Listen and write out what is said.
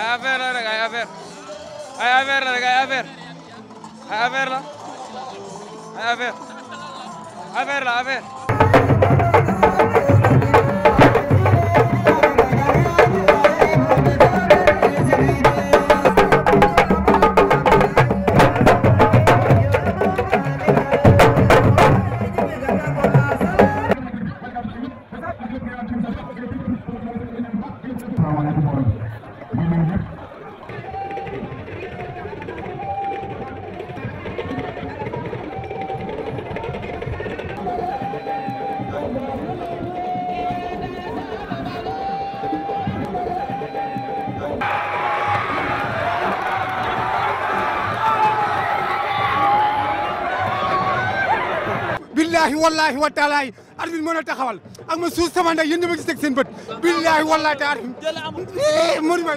ay affaire la rek ay affaire ay affaire la rek ay affaire ay affaire la ay affaire affaire la affaire Assalamualaikum billaahi wallaahi wa taalaahi arbitre mën a taxawal ak ma suuf sama ndey yéen ñi ma gis teg seen bët billaahi wallaahi taalaahi mënu ma